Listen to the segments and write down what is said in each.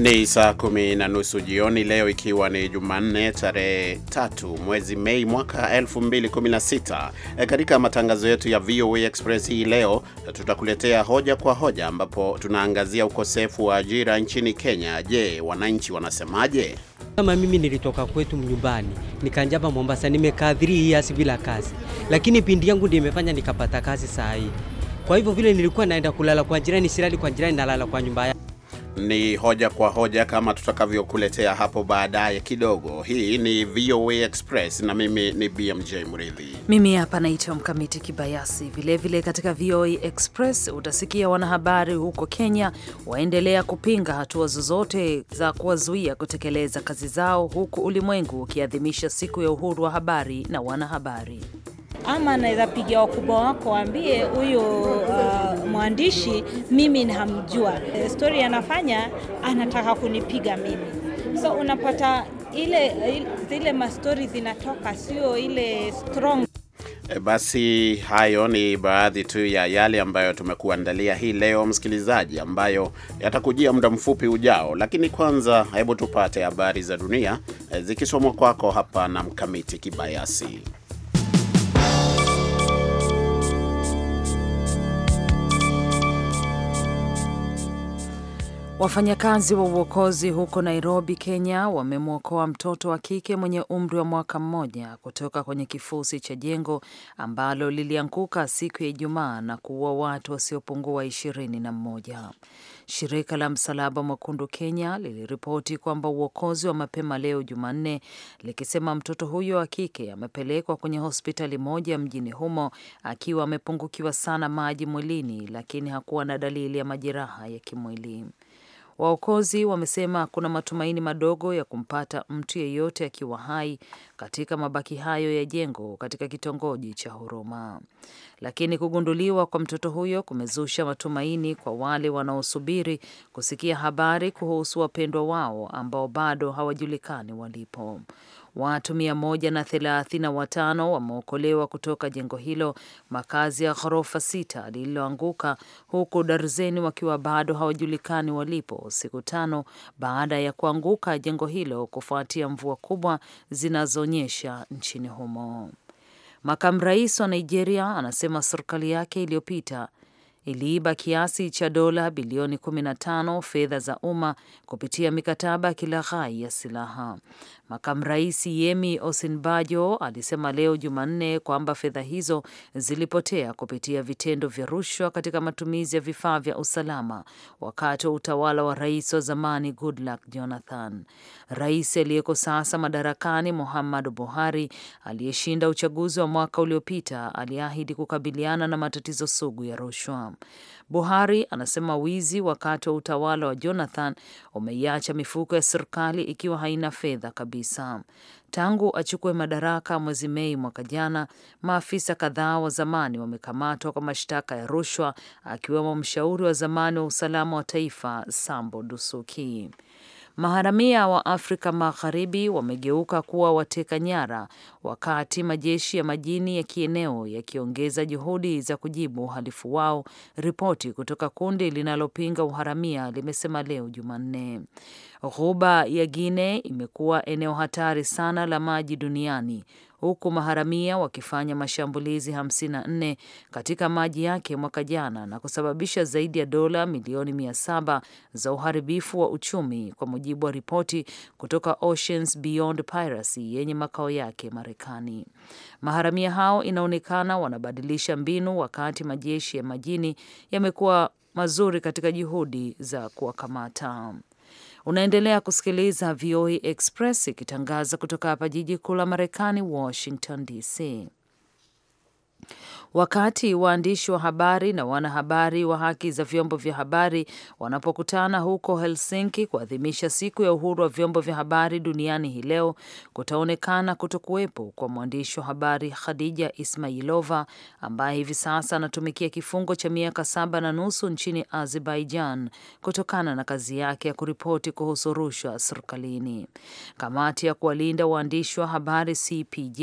Ni saa kumi na nusu jioni leo, ikiwa ni Jumanne tarehe tatu mwezi Mei mwaka 2016. E, katika matangazo yetu ya VOA Express hii leo tutakuletea hoja kwa hoja, ambapo tunaangazia ukosefu wa ajira nchini Kenya. Je, wananchi wanasemaje? Kama mimi nilitoka kwetu mnyumbani nikanjaba Mombasa, nimekaa hii asi bila kazi, lakini pindi yangu ndi imefanya nikapata kazi saa hii. Kwa hivyo vile nilikuwa naenda kulala kwa jirani, sirali kwa jirani, nalala kwa nyumba yao ni hoja kwa hoja kama tutakavyokuletea hapo baadaye kidogo. Hii ni VOA Express na mimi ni BMJ Mridhi. Mimi hapa naitwa Mkamiti Kibayasi. Vilevile vile katika VOA Express utasikia wanahabari huko Kenya waendelea kupinga hatua zozote za kuwazuia kutekeleza kazi zao, huku ulimwengu ukiadhimisha siku ya uhuru wa habari na wanahabari ama anaweza pigia wakubwa wako, waambie huyu uh, mwandishi mimi namjua, eh, stori anafanya anataka kunipiga mimi, so unapata ile zile mastori zinatoka, sio ile strong. Eh, basi hayo ni baadhi tu ya yale ambayo tumekuandalia hii leo, msikilizaji, ambayo yatakujia muda mfupi ujao. Lakini kwanza, hebu tupate habari za dunia eh, zikisomwa kwako hapa na Mkamiti Kibayasi. Wafanyakazi wa uokozi huko Nairobi, Kenya, wamemwokoa mtoto wa kike mwenye umri wa mwaka mmoja kutoka kwenye kifusi cha jengo ambalo lilianguka siku ya Ijumaa na kuua watu wasiopungua ishirini na mmoja. Shirika la Msalaba Mwekundu Kenya liliripoti kwamba uokozi wa mapema leo Jumanne, likisema mtoto huyo wa kike amepelekwa kwenye hospitali moja mjini humo akiwa amepungukiwa sana maji mwilini, lakini hakuwa na dalili ya majeraha ya kimwili. Waokozi wamesema kuna matumaini madogo ya kumpata mtu yeyote akiwa hai katika mabaki hayo ya jengo katika kitongoji cha Huruma, lakini kugunduliwa kwa mtoto huyo kumezusha matumaini kwa wale wanaosubiri kusikia habari kuhusu wapendwa wao ambao bado hawajulikani walipo. Watu mia moja na thelathini na watano wameokolewa kutoka jengo hilo, makazi ya ghorofa sita lililoanguka, huku darzeni wakiwa bado hawajulikani walipo, siku tano baada ya kuanguka jengo hilo kufuatia mvua kubwa zinazoonyesha nchini humo. Makamu rais wa Nigeria anasema serikali yake iliyopita iliiba kiasi cha dola bilioni 15 fedha za umma kupitia mikataba ya kilaghai ya silaha. Makamu Rais Yemi Osinbajo alisema leo Jumanne kwamba fedha hizo zilipotea kupitia vitendo vya rushwa katika matumizi ya vifaa vya usalama wakati wa utawala wa rais wa zamani Goodluck Jonathan. Rais aliyeko sasa madarakani Muhammadu Buhari, aliyeshinda uchaguzi wa mwaka uliopita, aliahidi kukabiliana na matatizo sugu ya rushwa. Buhari anasema wizi wakati wa utawala wa Jonathan umeiacha mifuko ya serikali ikiwa haina fedha kabisa. Tangu achukue madaraka mwezi Mei mwaka jana, maafisa kadhaa wa zamani wamekamatwa kwa mashtaka ya rushwa, akiwemo mshauri wa zamani wa usalama wa taifa Sambo Dusuki. Maharamia wa Afrika Magharibi wamegeuka kuwa wateka nyara, wakati majeshi ya majini ya kieneo yakiongeza juhudi za kujibu uhalifu wao, ripoti kutoka kundi linalopinga uharamia limesema leo Jumanne. Ghuba ya Guinea imekuwa eneo hatari sana la maji duniani huku maharamia wakifanya mashambulizi 54 katika maji yake mwaka jana na kusababisha zaidi ya dola milioni 700 za uharibifu wa uchumi, kwa mujibu wa ripoti kutoka Oceans Beyond Piracy yenye makao yake Marekani. Maharamia hao inaonekana wanabadilisha mbinu, wakati majeshi ya majini yamekuwa mazuri katika juhudi za kuwakamata. Unaendelea kusikiliza VOA e Express ikitangaza kutoka hapa jiji kuu la Marekani, Washington DC. Wakati waandishi wa habari na wanahabari wa haki za vyombo vya habari wanapokutana huko Helsinki kuadhimisha siku ya uhuru wa vyombo vya habari duniani hii leo, kutaonekana kutokuwepo kwa mwandishi wa habari Khadija Ismailova ambaye hivi sasa anatumikia kifungo cha miaka saba na nusu nchini Azerbaijan kutokana na kazi yake ya kuripoti kuhusu rushwa serikalini. Kamati ya kuwalinda waandishi wa habari CPJ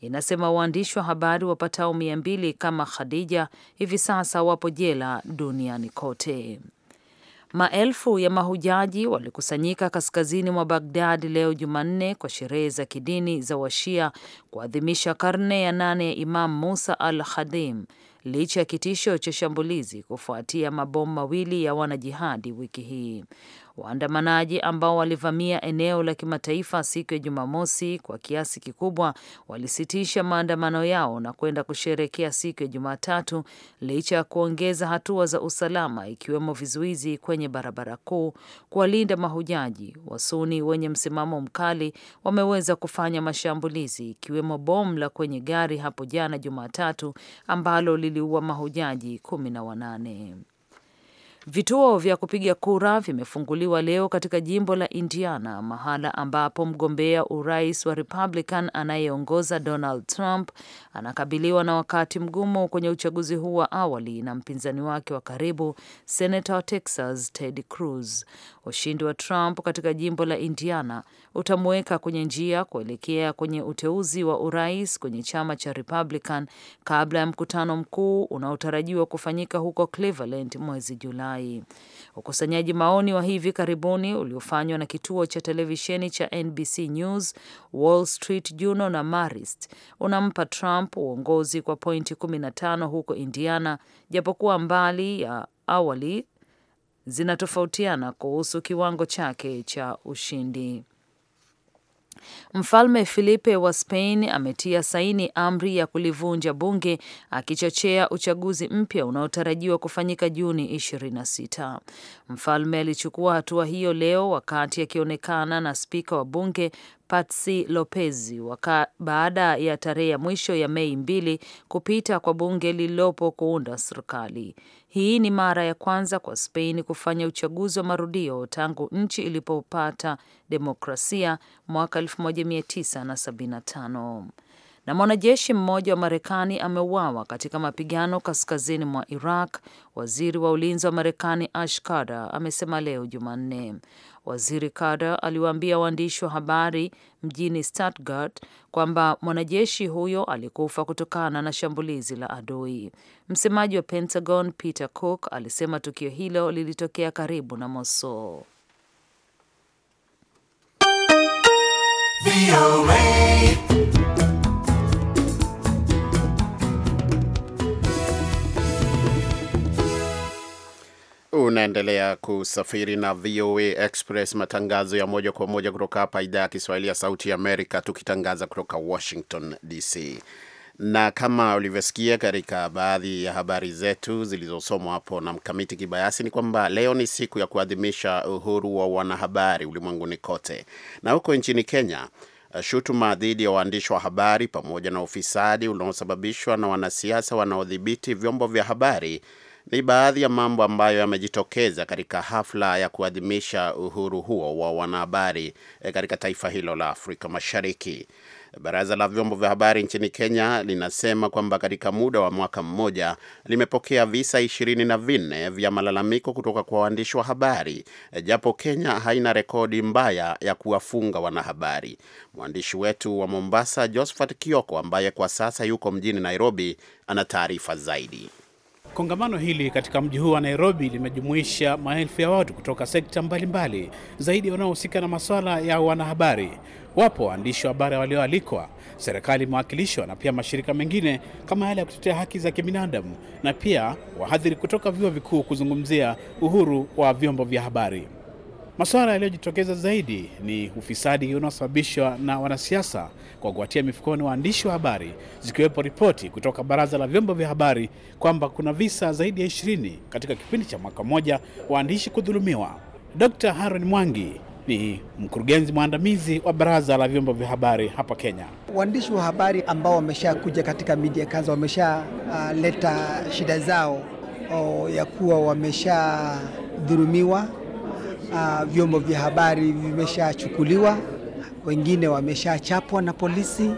inasema waandishi wa habari wapatao mia mbili wawili kama Khadija hivi sasa wapo jela duniani kote. Maelfu ya mahujaji walikusanyika kaskazini mwa Bagdad leo Jumanne kwa sherehe za kidini za Washia kuadhimisha karne ya nane ya Imam Musa al Khadim licha ya kitisho cha shambulizi kufuatia mabomu mawili ya wanajihadi wiki hii. Waandamanaji ambao walivamia eneo la kimataifa siku ya Jumamosi kwa kiasi kikubwa walisitisha maandamano yao na kwenda kusherekea siku ya Jumatatu licha ya kuongeza hatua za usalama ikiwemo vizuizi kwenye barabara kuu kuwalinda mahujaji. Wasuni wenye msimamo mkali wameweza kufanya mashambulizi ikiwemo bomu la kwenye gari hapo jana Jumatatu ambalo liliua mahujaji kumi na wanane. Vituo vya kupiga kura vimefunguliwa leo katika jimbo la Indiana, mahala ambapo mgombea urais wa Republican anayeongoza Donald Trump anakabiliwa na wakati mgumu kwenye uchaguzi huu wa awali na mpinzani wake wa karibu senata wa Texas Ted Cruz. Ushindi wa Trump katika jimbo la Indiana utamuweka kwenye njia kuelekea kwenye uteuzi wa urais kwenye chama cha Republican kabla ya mkutano mkuu unaotarajiwa kufanyika huko Cleveland mwezi Julai. Masai. Ukusanyaji maoni wa hivi karibuni uliofanywa na kituo cha televisheni cha NBC News, Wall Street Journal na Marist unampa Trump uongozi kwa pointi 15 huko Indiana, japokuwa mbali ya awali zinatofautiana kuhusu kiwango chake cha ushindi. Mfalme Filipe wa Spain ametia saini amri ya kulivunja bunge akichochea uchaguzi mpya unaotarajiwa kufanyika Juni 26. Mfalme alichukua hatua hiyo leo wakati akionekana na spika wa bunge Patsi Lopez baada ya tarehe ya mwisho ya Mei mbili kupita kwa bunge lililopo kuunda serikali. Hii ni mara ya kwanza kwa Spain kufanya uchaguzi wa marudio tangu nchi ilipopata demokrasia mwaka 1975 na mwanajeshi mmoja wa Marekani ameuawa katika mapigano kaskazini mwa Iraq. Waziri wa ulinzi wa Marekani Ash Carter amesema leo Jumanne Waziri Carter aliwaambia waandishi wa habari mjini Stuttgart kwamba mwanajeshi huyo alikufa kutokana na shambulizi la adui. Msemaji wa Pentagon Peter Cook alisema tukio hilo lilitokea karibu na Mosul. Unaendelea kusafiri na VOA Express, matangazo ya moja kwa moja kutoka hapa idhaa ya Kiswahili ya Sauti ya Amerika, tukitangaza kutoka Washington DC. Na kama ulivyosikia katika baadhi ya habari zetu zilizosomwa hapo na Mkamiti Kibayasi, ni kwamba leo ni siku ya kuadhimisha uhuru wa wanahabari ulimwenguni kote, na huko nchini Kenya shutuma dhidi ya waandishi wa habari pamoja na ufisadi unaosababishwa na wanasiasa wanaodhibiti vyombo vya habari ni baadhi ya mambo ambayo yamejitokeza katika hafla ya kuadhimisha uhuru huo wa wanahabari eh, katika taifa hilo la Afrika Mashariki. Baraza la vyombo vya habari nchini Kenya linasema kwamba katika muda wa mwaka mmoja limepokea visa ishirini na vinne vya malalamiko kutoka kwa waandishi wa habari, eh, japo Kenya haina rekodi mbaya ya kuwafunga wanahabari. Mwandishi wetu wa Mombasa, Josephat Kioko, ambaye kwa sasa yuko mjini Nairobi, ana taarifa zaidi. Kongamano hili katika mji huu wa Nairobi limejumuisha maelfu ya watu kutoka sekta mbalimbali mbali, zaidi wanaohusika na masuala ya wanahabari. Wapo waandishi wa habari walioalikwa, serikali imewakilishwa na pia mashirika mengine kama yale ya kutetea haki za kibinadamu na pia wahadhiri kutoka vyuo vikuu kuzungumzia uhuru wa vyombo vya habari. Masuala yaliyojitokeza zaidi ni ufisadi unaosababishwa na wanasiasa kwa kuwatia mifukoni waandishi wa habari, zikiwepo ripoti kutoka Baraza la Vyombo vya Habari kwamba kuna visa zaidi ya ishirini katika kipindi cha mwaka mmoja waandishi kudhulumiwa. Dkt. Haron Mwangi ni mkurugenzi mwandamizi wa Baraza la Vyombo vya Habari hapa Kenya. Waandishi wa habari ambao wameshakuja katika media kaza wameshaleta uh, shida zao o, oh, ya kuwa wameshadhulumiwa uh, vyombo vya habari vimeshachukuliwa, wengine wameshachapwa na polisi,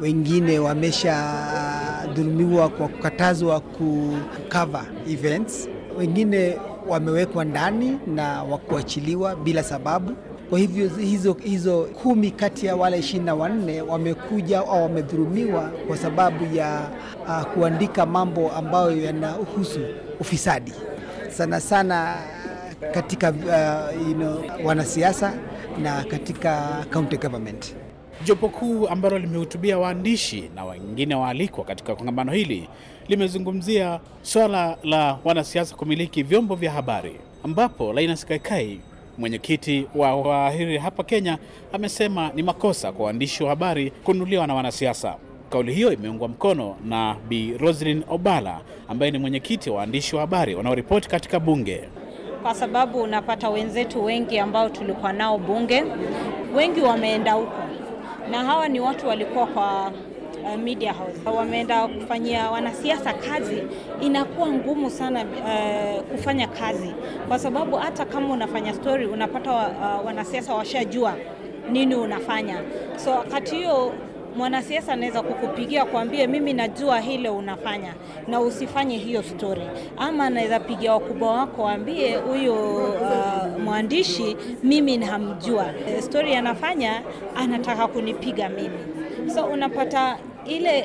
wengine wameshadhulumiwa kwa kukatazwa kukava events, wengine wamewekwa ndani na wakuachiliwa bila sababu. Kwa hivyo hizo, hizo kumi kati ya wale ishirini na wanne wamekuja au wamedhulumiwa kwa sababu ya uh, kuandika mambo ambayo yanahusu ufisadi sana sana katika uh, you know, wanasiasa na katika county government. Jopo kuu ambalo limehutubia waandishi na wengine waalikwa katika kongamano hili limezungumzia swala la wanasiasa kumiliki vyombo vya habari, ambapo Linus Kaikai, mwenyekiti wa wahariri hapa Kenya, amesema ni makosa kwa waandishi wa habari kununuliwa na wanasiasa. Kauli hiyo imeungwa mkono na Bi Roslyn Obala ambaye ni mwenyekiti wa waandishi wa habari wanaoripoti katika bunge kwa sababu unapata wenzetu wengi ambao tulikuwa nao bunge, wengi wameenda huko, na hawa ni watu walikuwa kwa Uh, media house wameenda kufanyia wanasiasa kazi. Inakuwa ngumu sana uh, kufanya kazi kwa sababu hata kama unafanya story unapata uh, wanasiasa washajua nini unafanya, so wakati hiyo mwanasiasa anaweza kukupigia kuambie, mimi najua hile unafanya na usifanye hiyo story, ama anaweza pigia wakubwa wako waambie, huyu uh, mwandishi mimi namjua story anafanya, anataka kunipiga mimi, so unapata ile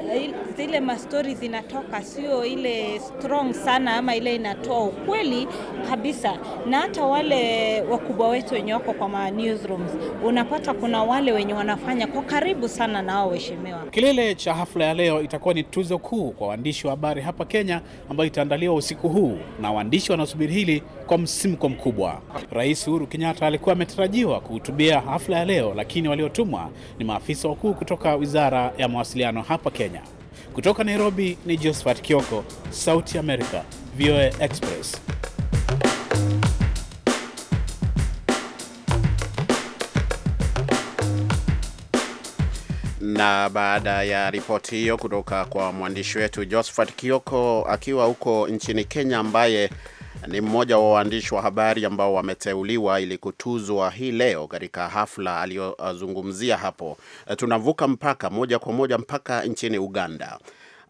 zile mastori zinatoka sio ile strong sana, ama ile inatoa ukweli kabisa. Na hata wale wakubwa wetu wenye wako kwa ma newsrooms, unapata kuna wale wenye wanafanya kwa karibu sana na wao waheshimiwa. Kilele cha hafla ya leo itakuwa ni tuzo kuu kwa waandishi wa habari hapa Kenya, ambayo itaandaliwa usiku huu, na waandishi wanaosubiri hili kwa msimko mkubwa. Rais Uhuru Kenyatta alikuwa ametarajiwa kuhutubia hafla ya leo, lakini waliotumwa ni maafisa wakuu kutoka wizara ya mawasiliano hapa Kenya. Kutoka Nairobi ni Josephat Kioko, Sauti America, VOA Express. Na baada ya ripoti hiyo kutoka kwa mwandishi wetu Josephat Kioko akiwa huko nchini Kenya ambaye ni mmoja wa waandishi wa habari ambao wameteuliwa ili kutuzwa hii leo katika hafla aliyozungumzia hapo. Tunavuka mpaka moja kwa moja mpaka nchini Uganda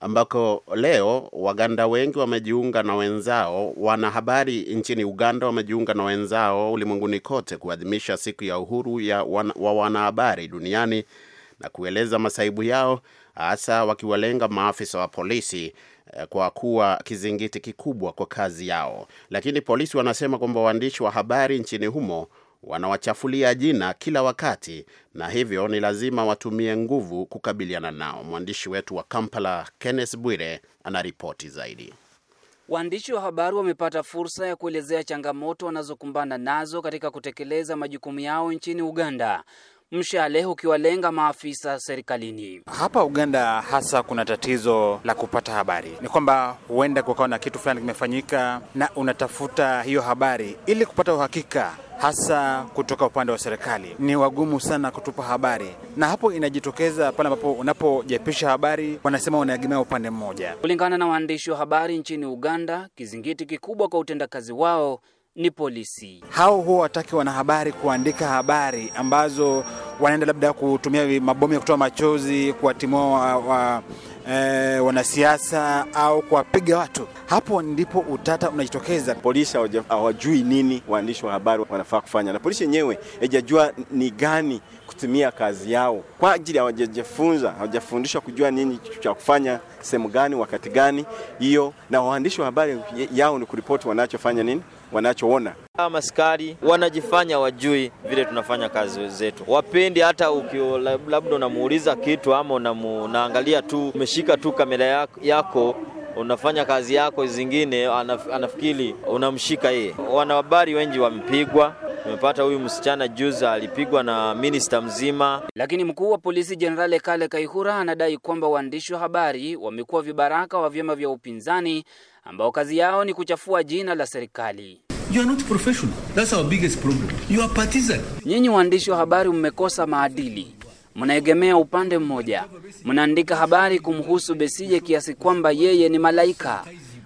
ambako leo Waganda wengi wamejiunga na wenzao, wanahabari nchini Uganda wamejiunga na wenzao ulimwenguni kote kuadhimisha siku ya uhuru ya wan, wa wanahabari duniani na kueleza masaibu yao hasa wakiwalenga maafisa wa polisi Eh, kwa kuwa kizingiti kikubwa kwa kazi yao, lakini polisi wanasema kwamba waandishi wa habari nchini humo wanawachafulia jina kila wakati na hivyo ni lazima watumie nguvu kukabiliana nao. Mwandishi wetu wa Kampala, Kenneth Bwire, ana ripoti zaidi. Waandishi wa habari wamepata fursa ya kuelezea changamoto wanazokumbana nazo katika kutekeleza majukumu yao nchini Uganda mshale ukiwalenga maafisa serikalini. Hapa Uganda hasa kuna tatizo la kupata habari, ni kwamba huenda kukawa na kitu fulani kimefanyika, na unatafuta hiyo habari ili kupata uhakika hasa kutoka upande wa serikali ni wagumu sana kutupa habari, na hapo inajitokeza pale ambapo unapojapisha habari wanasema wanaegemea upande mmoja. Kulingana na waandishi wa habari nchini Uganda, kizingiti kikubwa kwa utendakazi wao ni polisi. Hao huwa wataki wanahabari kuandika habari ambazo wanaenda labda kutumia mabomu ya kutoa machozi kuwatimua wa, wa, e, wanasiasa au kuwapiga watu. Hapo ndipo utata unajitokeza. Polisi hawajui nini waandishi wa habari wanafaa kufanya, na polisi yenyewe haijajua ni gani kutumia kazi yao kwa ajili, hawajajifunza hawajafundishwa kujua nini cha kufanya sehemu gani wakati gani hiyo, na waandishi wa habari yao ni kuripoti wanachofanya nini wanachoona. Maskari wanajifanya wajui vile tunafanya kazi zetu, wapendi hata ukio, labda unamuuliza kitu ama unaangalia tu, umeshika tu kamera yako unafanya kazi yako zingine, anaf, anafikiri unamshika yeye. Wanahabari wengi wamepigwa. Tumepata huyu msichana juzi alipigwa na minista mzima. Lakini mkuu wa polisi Jenerali Kale Kaihura anadai kwamba waandishi wa habari wamekuwa vibaraka wa vyama vya upinzani ambao kazi yao ni kuchafua jina la serikali. Nyinyi waandishi wa habari mmekosa maadili, mnaegemea upande mmoja, mnaandika habari kumhusu Besije kiasi kwamba yeye ni malaika,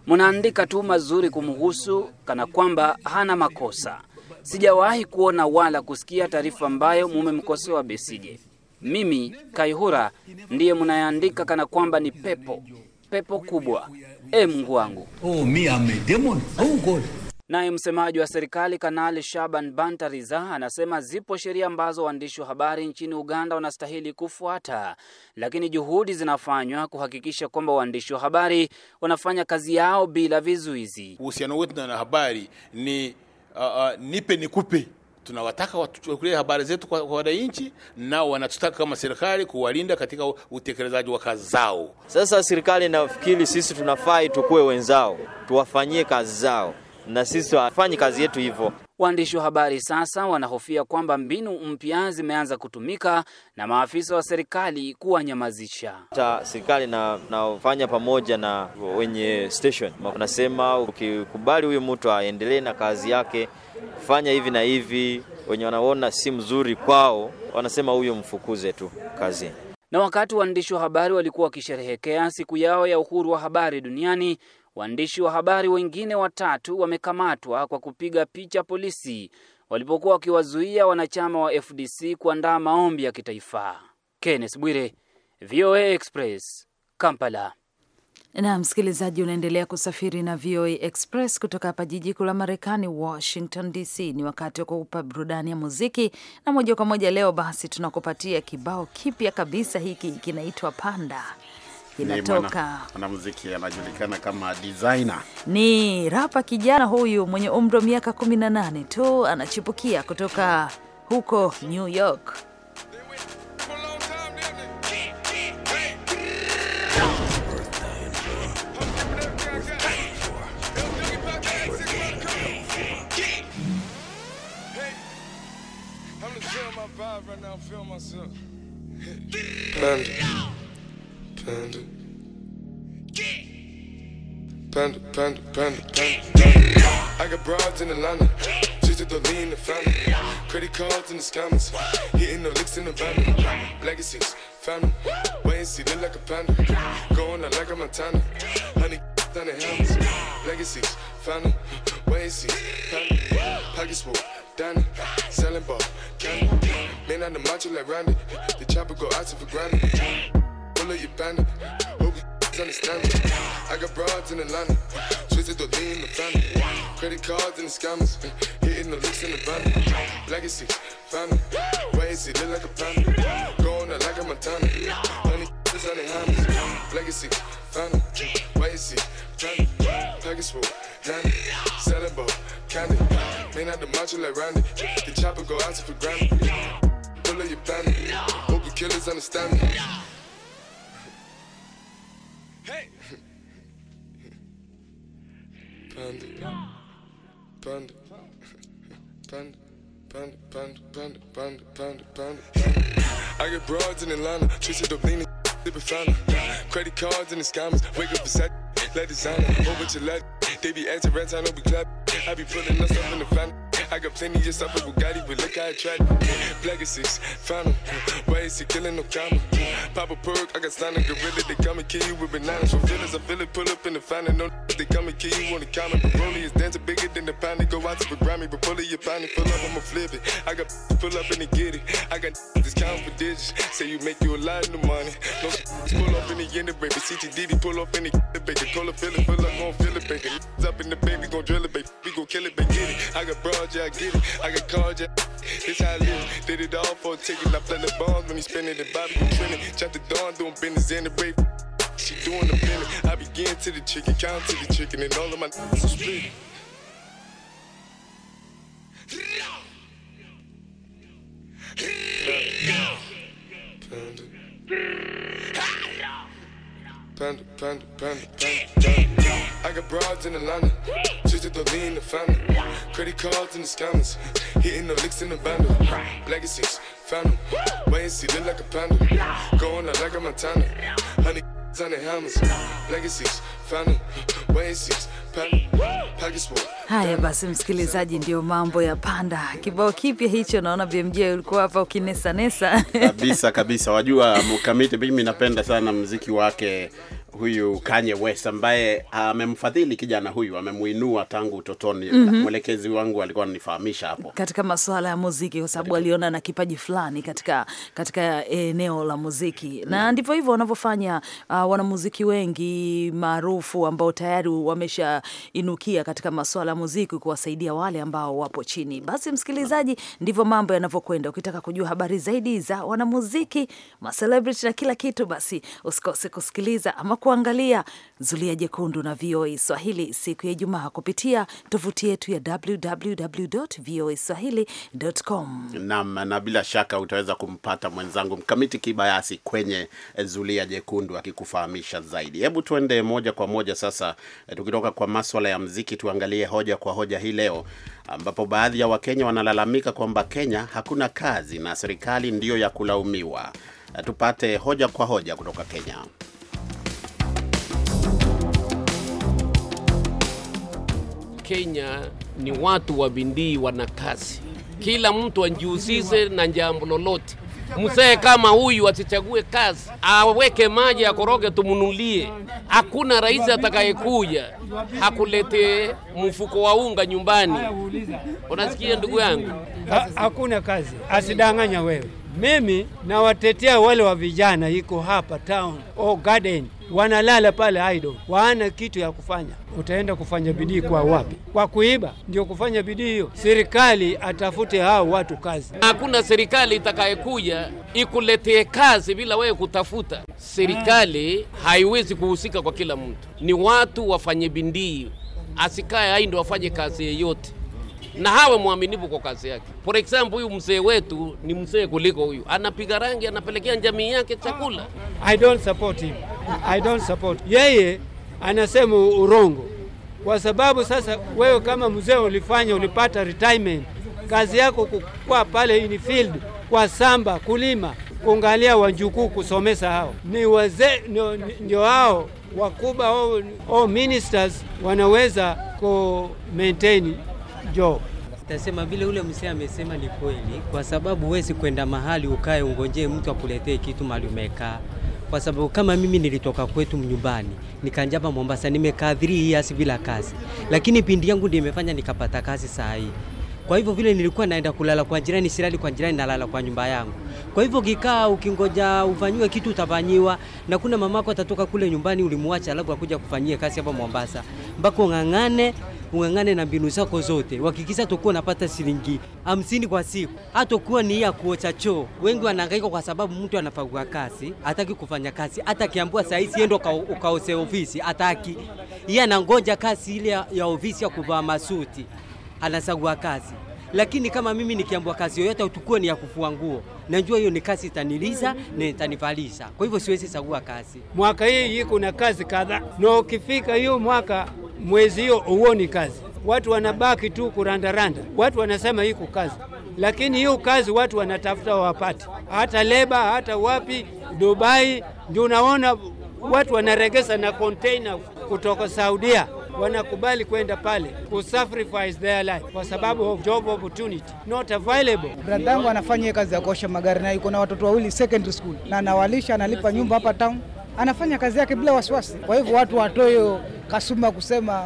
mnaandika tu mazuri kumhusu kana kwamba hana makosa. Sijawahi kuona wala kusikia taarifa ambayo mumemkosoa Besije. Mimi Kaihura ndiye mnayeandika kana kwamba ni pepo, pepo kubwa e Mungu wangu. Oh, oh, naye msemaji wa serikali Kanali Shaban Bantariza anasema zipo sheria ambazo waandishi wa habari nchini Uganda wanastahili kufuata, lakini juhudi zinafanywa kuhakikisha kwamba waandishi wa habari wanafanya kazi yao bila vizuizi. Uhusiano wetu na habari ni uh, uh, nipe nikupe tunawataka watuchukulie habari zetu kwa wananchi, nao wanatutaka kama serikali kuwalinda katika utekelezaji wa kazi zao. Sasa serikali inafikiri sisi tunafai tukue wenzao, tuwafanyie kazi zao, na sisi tuwafanye kazi yetu hivyo. Waandishi wa habari sasa wanahofia kwamba mbinu mpya zimeanza kutumika na maafisa wa serikali kuwanyamazisha. Serikali nafanya na pamoja na wenye station, wanasema ukikubali huyu mtu aendelee na kazi yake fanya hivi na hivi, wenye wanaona si mzuri kwao wanasema huyo mfukuze tu kazini. Na wakati waandishi wa habari walikuwa wakisherehekea siku yao ya uhuru wa habari duniani, waandishi wa habari wengine watatu wamekamatwa kwa kupiga picha polisi walipokuwa wakiwazuia wanachama wa FDC kuandaa maombi ya kitaifa. Kenneth Bwire, VOA Express, Kampala. Na msikilizaji, unaendelea kusafiri na VOA Express kutoka hapa jiji kuu la Marekani, Washington DC. Ni wakati wa kukupa burudani ya muziki, na moja kwa moja leo basi tunakupatia kibao kipya kabisa. Hiki kinaitwa Panda, kinatoka anajulikana kama Designer. Ni rapa kijana huyu mwenye umri wa miaka 18 tu, anachipukia kutoka huko New York. myself. Panda. Panda. Panda, panda, panda, panda. I got broads in Atlanta. Just to the lean the family. Credit cards in the scammers. Hitting the licks in the van. Legacies, family. Wait and see, look like a panda. Going out like a Montana. Honey, down the helmets. Legacies, family. Wait and see, family. Pockets full. Danny, selling ball, candy. Man on the macho like Randy, the chopper go out for granted. Pull up your bandit, hope you understand me. I got broads in Atlanta, twisted the lean in the family. Credit cards and the scammers, hitting the looks in the van. Legacy, family, why is it look like a family? Going out like a Montana. Tony Hannes, Legacy, Phantom, Wacy, Johnny, Pegasus, Danny, Selling Candy. may not am the macho like Randy. The chopper go out for Grammy, Pull up your bandit. Hope the killers understand me. Hey! Panda. Panda. Panda. Panda, panda, panda, panda, panda, panda. I get broads in Atlanta, twisted up sipping fountain. Credit cards in the scammers, wake up beside, let sound. over to let. They be acting rent, I don't be clap. I be pulling us up in the fountain. I got plenty just off with Bugatti, but look how I tried. Black Phantom, Why is he killing no comma? Pop a perk, I got signed a gorilla. They come and kill you with bananas. For feelings, I feel it, pull up in the Phantom. No they come and kill you on the counter, Brony is dancing bigger than the pound. They go out to the Grammy, but pull your pound and fill up, I'ma flip it. I got pull up and they get it. I got this count for digits. Say you make you a lot of money. No pull up in the end of baby. CTDD pull up in the baby. Call a feeling, fill up, gon' fill it, baby. Up in the baby, gon' drill it, baby. We gon' kill it, baby. Get it. I got broad, yeah, I get it. I got cards, yeah. This how I live. Did it all for a ticket. I play the bombs when he spinning the Bobby, you trending. Chop the dawn, doing business in the baby. She doing the minute. I begin to the chicken, count to the chicken, and all of my niggas was split. Panda, panda, panda, panda, panda. I got broads in Atlanta, just to be in the family. Credit cards in the scammers, hitting the licks in the bundle. Legacies, phantom, Way and see, look like a panda. Going out like a Montana, honey Haya basi, msikilizaji, ndio mambo ya panda. Kibao kipya hicho, naona BMJ ulikuwa hapa ukinesanesa kabisa kabisa. Wajua mkamiti, mimi napenda sana mziki wake huyu Kanye West ambaye amemfadhili kijana huyu, amemuinua tangu utotoni. mm -hmm. Mwelekezi wangu alikuwa ananifahamisha hapo katika masuala ya muziki, kwa sababu aliona na kipaji fulani katika katika eneo la muziki na mm. Ndivyo hivyo wanavyofanya uh, wanamuziki wengi maarufu ambao tayari wameshainukia katika masuala ya muziki, kuwasaidia wale ambao wapo chini. Basi msikilizaji, ndivyo mambo yanavyokwenda. Ukitaka kujua habari zaidi za wanamuziki, macelebrity na kila kitu, basi usikose kusikiliza ama kuangalia Zulia Jekundu na VOA Swahili siku ya Ijumaa kupitia tovuti yetu ya www voa swahili.com. Naam, na bila shaka utaweza kumpata mwenzangu Mkamiti Kibayasi kwenye eh, Zulia Jekundu akikufahamisha zaidi. Hebu tuende moja kwa moja sasa, eh, tukitoka kwa maswala ya mziki, tuangalie hoja kwa hoja hii leo, ambapo baadhi ya Wakenya wanalalamika kwamba Kenya hakuna kazi na serikali ndiyo ya kulaumiwa. Eh, tupate hoja kwa hoja kutoka Kenya. kenya ni watu wa bindii, wana kazi. Kila mtu anjiuzize na jambo lolote. Mzee kama huyu asichague kazi, aweke maji akoroge, tumunulie. Hakuna rais atakayekuja hakulete mfuko wa unga nyumbani. Unasikia ndugu yangu? Hakuna kazi, asidanganya wewe. Mimi nawatetea wale wa vijana iko hapa town o oh, garden, wanalala pale idol, waana kitu ya kufanya. Utaenda kufanya bidii kwa wapi? Kwa kuiba ndio kufanya bidii hiyo? Serikali atafute hao watu kazi. Hakuna serikali itakayekuja ikuletee kazi bila wewe kutafuta. Serikali haiwezi kuhusika kwa kila mtu, ni watu wafanye bidii, asikae aindo wafanye kazi yeyote na hawe mwaminifu kwa kazi yake. For example, huyu mzee wetu ni mzee kuliko huyu, anapiga rangi, anapelekea jamii yake chakula. I don't support him. I don't support. Yeye anasema urongo kwa sababu sasa wewe kama mzee ulifanya, ulipata retirement, kazi yako kukuwa pale in field kwa samba, kulima, kungalia wanjukuu, kusomesa hao ni wazee, ndio hao wakubwa au ministers wanaweza ku maintain jo Tasema vile ule msee amesema ni kweli, kwa sababu huwezi kwenda mahali ukae ungojee mtu akuletee kitu mahali umekaa kwa sababu kama mimi nilitoka kwetu mnyumbani nikanjapa Mombasa, nimekaa hii asi bila kazi, lakini pindi yangu ndio imefanya nikapata kazi saa hii. Kwa hivyo vile nilikuwa naenda kulala kwa jirani, silali kwa jirani, nalala kwa nyumba yangu. Kwa hivyo kikaa ukingoja ufanyiwe kitu utafanyiwa, na kuna mamako atatoka kule nyumbani ulimwacha, alafu akuja kufanyia kazi hapa Mombasa, mpaka ung'ang'ane ungangane na mbinu zako zote, uhakikisha tokuwa napata shilingi hamsini kwa siku, hata kuwa ni ya kuocha choo. Wengi wanahangaika kwa sababu mtu anafagua kazi, hataki kufanya kazi, hata kiambua sahizi endo ukaose ofisi, hataki yeye, anangoja kazi ile ya ofisi ya kuvaa masuti, anasagua kazi lakini kama mimi nikiambua kazi yoyote utukue ni ya kufua nguo, najua hiyo ni kazi itaniliza na itanivalisha. Kwa hivyo siwezi chagua kazi. Mwaka hii kuna kazi kadhaa, na ukifika hiyo mwaka mwezi hiyo huoni kazi, watu wanabaki tu kurandaranda. Watu wanasema iko kazi, lakini hiyo kazi watu wanatafuta wapate, hata leba hata wapi Dubai, ndio unaona watu wanaregesa na container kutoka Saudia wanakubali kwenda pale ku sacrifice their life kwa sababu of job opportunity not available. Bradangu anafanya kazi ya kuosha magari na yuko na watoto wawili secondary school, na anawalisha, analipa nyumba hapa town anafanya kazi yake bila wasiwasi. Kwa hivyo watu watoyo kasuma kusema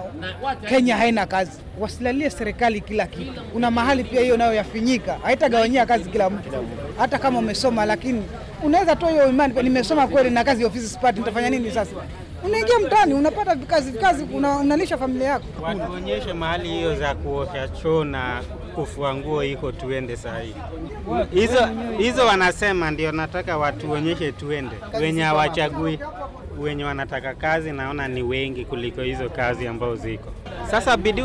Kenya haina kazi, wasilalie serikali kila kitu. Kuna mahali pia hiyo nayo yafinyika, haitagawanyia kazi kila mtu, hata kama umesoma, lakini unaweza toa hiyo imani, nimesoma kweli na kazi ofisi sipati, nitafanya nini sasa? Unaingia mtaani unapata vikazi vikazi, unalisha familia yako. Watuonyeshe mahali hiyo za kuosha choo na kufua nguo iko, tuende saa hii hizo hizo wanasema ndio nataka watuonyeshe tuende, wenye hawachagui wenye wanataka kazi, naona ni wengi kuliko hizo kazi ambao ziko sasa. Bidii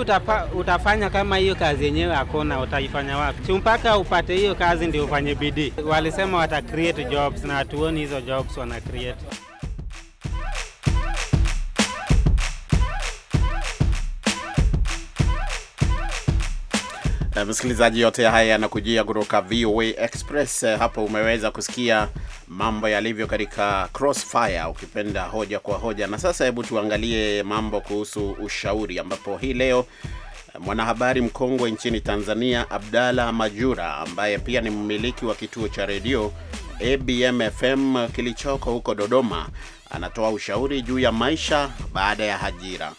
utafanya kama hiyo kazi yenyewe hakuna, utaifanya wapi? Si mpaka upate hiyo kazi ndio ufanye bidii. Walisema wata create jobs na hatuoni hizo jobs wana create. Uh, msikilizaji, yote haya yanakujia kutoka VOA Express. Eh, Hapo umeweza kusikia mambo yalivyo katika crossfire, ukipenda hoja kwa hoja. Na sasa hebu tuangalie mambo kuhusu ushauri, ambapo hii leo eh, mwanahabari mkongwe nchini Tanzania Abdalla Majura ambaye pia ni mmiliki wa kituo cha redio ABM FM kilichoko huko Dodoma anatoa ushauri juu ya maisha baada ya ajira.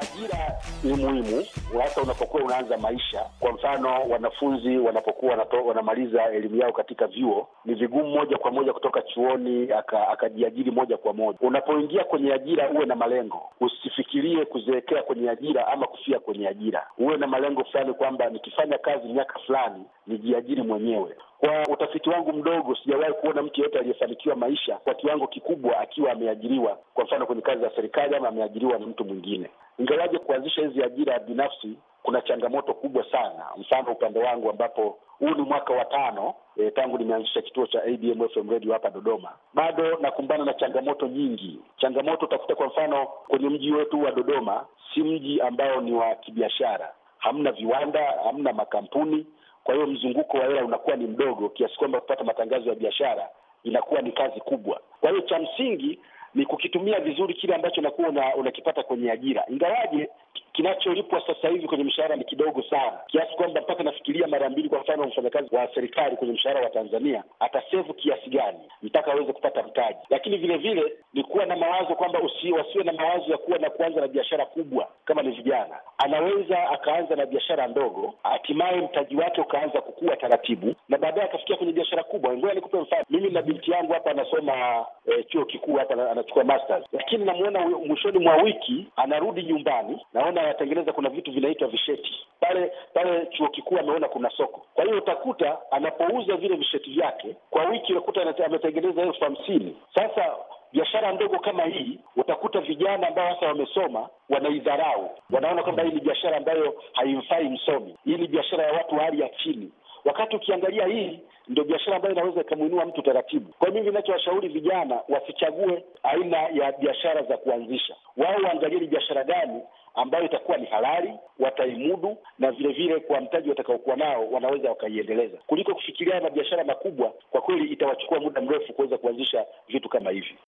Ajira ni muhimu hasa unapokuwa unaanza maisha. Kwa mfano, wanafunzi wanapokuwa wanamaliza elimu yao katika vyuo, ni vigumu moja kwa moja kutoka chuoni akajiajiri aka moja kwa moja. Unapoingia kwenye ajira, uwe na malengo, usifikirie kuzeekea kwenye ajira ama kufia kwenye ajira. Uwe na malengo fulani kwamba nikifanya kazi miaka fulani nijiajiri mwenyewe. Kwa utafiti wangu mdogo, sijawahi kuona mtu yeyote aliyefanikiwa maisha kwa kiwango kikubwa akiwa ameajiriwa, kwa mfano kwenye kazi za serikali ama ameajiriwa na mtu mwingine. Ingawaje kuanzisha hizi ajira binafsi kuna changamoto kubwa sana, mfano upande wangu ambapo huu ni mwaka wa tano e, tangu nimeanzisha kituo cha ABM FM Radio hapa Dodoma, bado nakumbana na changamoto nyingi. Changamoto utakuta kwa mfano kwenye mji wetu wa Dodoma, si mji ambao ni wa kibiashara, hamna viwanda, hamna makampuni kwa hiyo mzunguko wa hela unakuwa ni mdogo kiasi kwamba kupata matangazo ya biashara inakuwa ni kazi kubwa. Kwa hiyo cha msingi ni kukitumia vizuri kile ambacho unakuwa unakipata kwenye ajira, ingawaje kinacholipwa sasa hivi kwenye mshahara ni kidogo sana, kiasi kwamba mpaka nafikiria mara mbili. Kwa mfano, mfanyakazi wa serikali kwenye mshahara wa Tanzania atasevu kiasi gani mpaka aweze kupata mtaji? Lakini vile vile ni kuwa na mawazo kwamba wasiwe na mawazo ya kuwa na kuanza na biashara kubwa. Kama ni vijana, anaweza akaanza na biashara ndogo, hatimaye mtaji wake ukaanza kukua taratibu, na baadaye akafikia kwenye biashara kubwa. Ngoja nikupe mfano, mimi na binti yangu hapa anasoma eh, chuo kikuu hapa, anachukua masters, lakini namwona mwishoni mwa wiki anarudi nyumbani, naona ayatengeneza, kuna vitu vinaitwa visheti pale pale chuo kikuu, ameona kuna soko. Kwa hiyo utakuta anapouza vile visheti vyake kwa wiki, unakuta ametengeneza elfu hamsini. Sasa biashara ndogo kama hii utakuta vijana ambao sasa wamesoma wanaidharau, wanaona kwamba hii ni biashara ambayo haimfai msomi, hii ni biashara ya watu wa hali ya chini, wakati ukiangalia hii ndio biashara ambayo inaweza ikamwinua mtu taratibu. Kwa hiyo mimi ninachowashauri vijana wasichague aina ya biashara za kuanzisha, wao waangalie ni biashara gani ambayo itakuwa ni halali, wataimudu na vilevile vile kwa mtaji watakaokuwa nao wanaweza wakaiendeleza, kuliko kufikiria mabiashara makubwa. Kwa kweli itawachukua muda mrefu kuweza kuanzisha vitu kama hivi.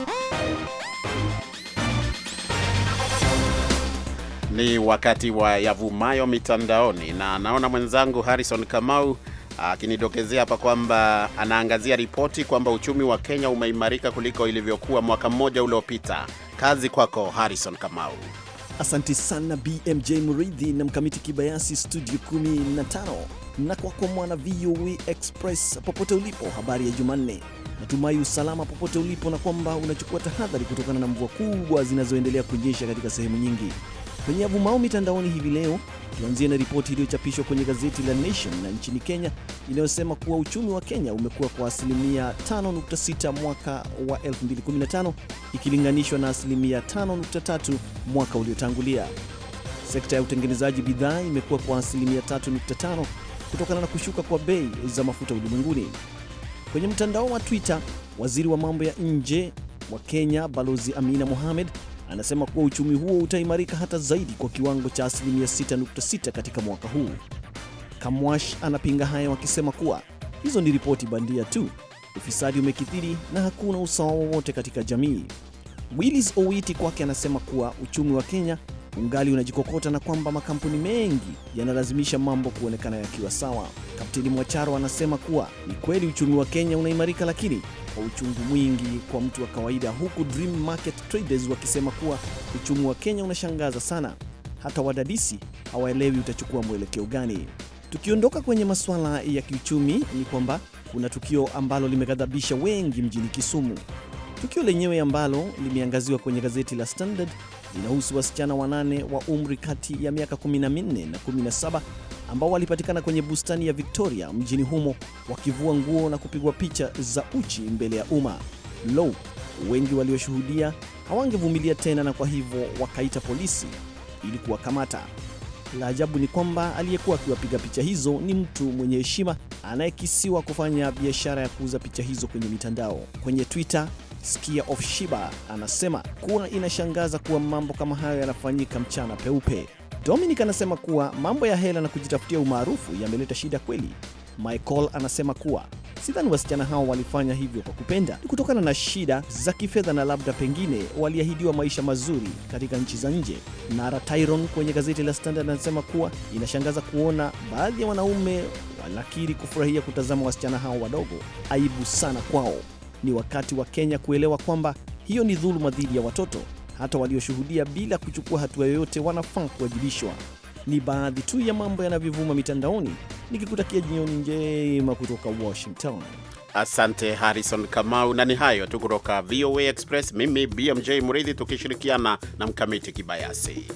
Ni wakati wa yavumayo mitandaoni, na naona mwenzangu Harrison Kamau akinidokezea hapa kwamba anaangazia ripoti kwamba uchumi wa Kenya umeimarika kuliko ilivyokuwa mwaka mmoja uliopita. Kazi kwako Harrison Kamau. Asante sana BMJ Muridhi na Mkamiti Kibayasi studio 15 na kwako mwana VOA Express popote ulipo. Habari ya Jumanne, natumai usalama popote ulipo na kwamba unachukua tahadhari kutokana na mvua kubwa zinazoendelea kunyesha katika sehemu nyingi kwenye avumao mitandaoni hivi leo. Tuanzie na ripoti iliyochapishwa kwenye gazeti la Nation na nchini Kenya inayosema kuwa uchumi wa Kenya umekuwa kwa asilimia 5.6 mwaka wa 2015 ikilinganishwa na asilimia 5.3 mwaka uliotangulia. Sekta ya utengenezaji bidhaa imekuwa kwa asilimia 3.5 kutokana na kushuka kwa bei za mafuta ulimwenguni. Kwenye mtandao wa Twitter, waziri wa mambo ya nje wa Kenya Balozi Amina Mohamed anasema kuwa uchumi huo utaimarika hata zaidi kwa kiwango cha asilimia 6.6 katika mwaka huu. Kamwash anapinga hayo akisema kuwa hizo ni ripoti bandia tu, ufisadi umekithiri na hakuna usawa wowote katika jamii. Willis Owiti kwake anasema kuwa uchumi wa Kenya ungali unajikokota na kwamba makampuni mengi yanalazimisha mambo kuonekana yakiwa sawa. Kapteni Mwacharo anasema kuwa ni kweli uchumi wa Kenya unaimarika, lakini kwa uchungu mwingi kwa mtu wa kawaida, huku Dream Market Traders wakisema kuwa uchumi wa Kenya unashangaza sana, hata wadadisi hawaelewi utachukua mwelekeo gani. Tukiondoka kwenye masuala ya kiuchumi, ni kwamba kuna tukio ambalo limeghadhabisha wengi mjini Kisumu. Tukio lenyewe ambalo limeangaziwa kwenye gazeti la Standard linahusu wasichana wanane wa umri kati ya miaka 14 na 17 ambao walipatikana kwenye bustani ya Victoria mjini humo wakivua nguo na kupigwa picha za uchi mbele ya umma. Lo, wengi walioshuhudia hawangevumilia tena, na kwa hivyo wakaita polisi ili kuwakamata. La ajabu ni kwamba aliyekuwa akiwapiga picha hizo ni mtu mwenye heshima anayekisiwa kufanya biashara ya kuuza picha hizo kwenye mitandao, kwenye Twitter Skia of Shiba anasema kuwa inashangaza kuwa mambo kama hayo yanafanyika mchana peupe. Dominic anasema kuwa mambo ya hela na kujitafutia umaarufu yameleta shida kweli. Michael anasema kuwa sidhani wasichana hao walifanya hivyo kwa kupenda, ni kutokana na shida za kifedha na labda pengine waliahidiwa maisha mazuri katika nchi za nje. Nara Tyron kwenye gazeti la Standard anasema kuwa inashangaza kuona baadhi ya wanaume wanakiri kufurahia kutazama wasichana hao wadogo. Aibu sana kwao. Ni wakati wa Kenya kuelewa kwamba hiyo ni dhuluma dhidi ya watoto. Hata walioshuhudia bila kuchukua hatua yoyote wanafaa kuwajibishwa. Ni baadhi tu ya mambo yanavyovuma mitandaoni, nikikutakia jioni njema kutoka Washington. Asante Harrison Kamau, na ni hayo tu kutoka VOA Express. Mimi BMJ mridhi tukishirikiana na Mkamiti Kibayasi.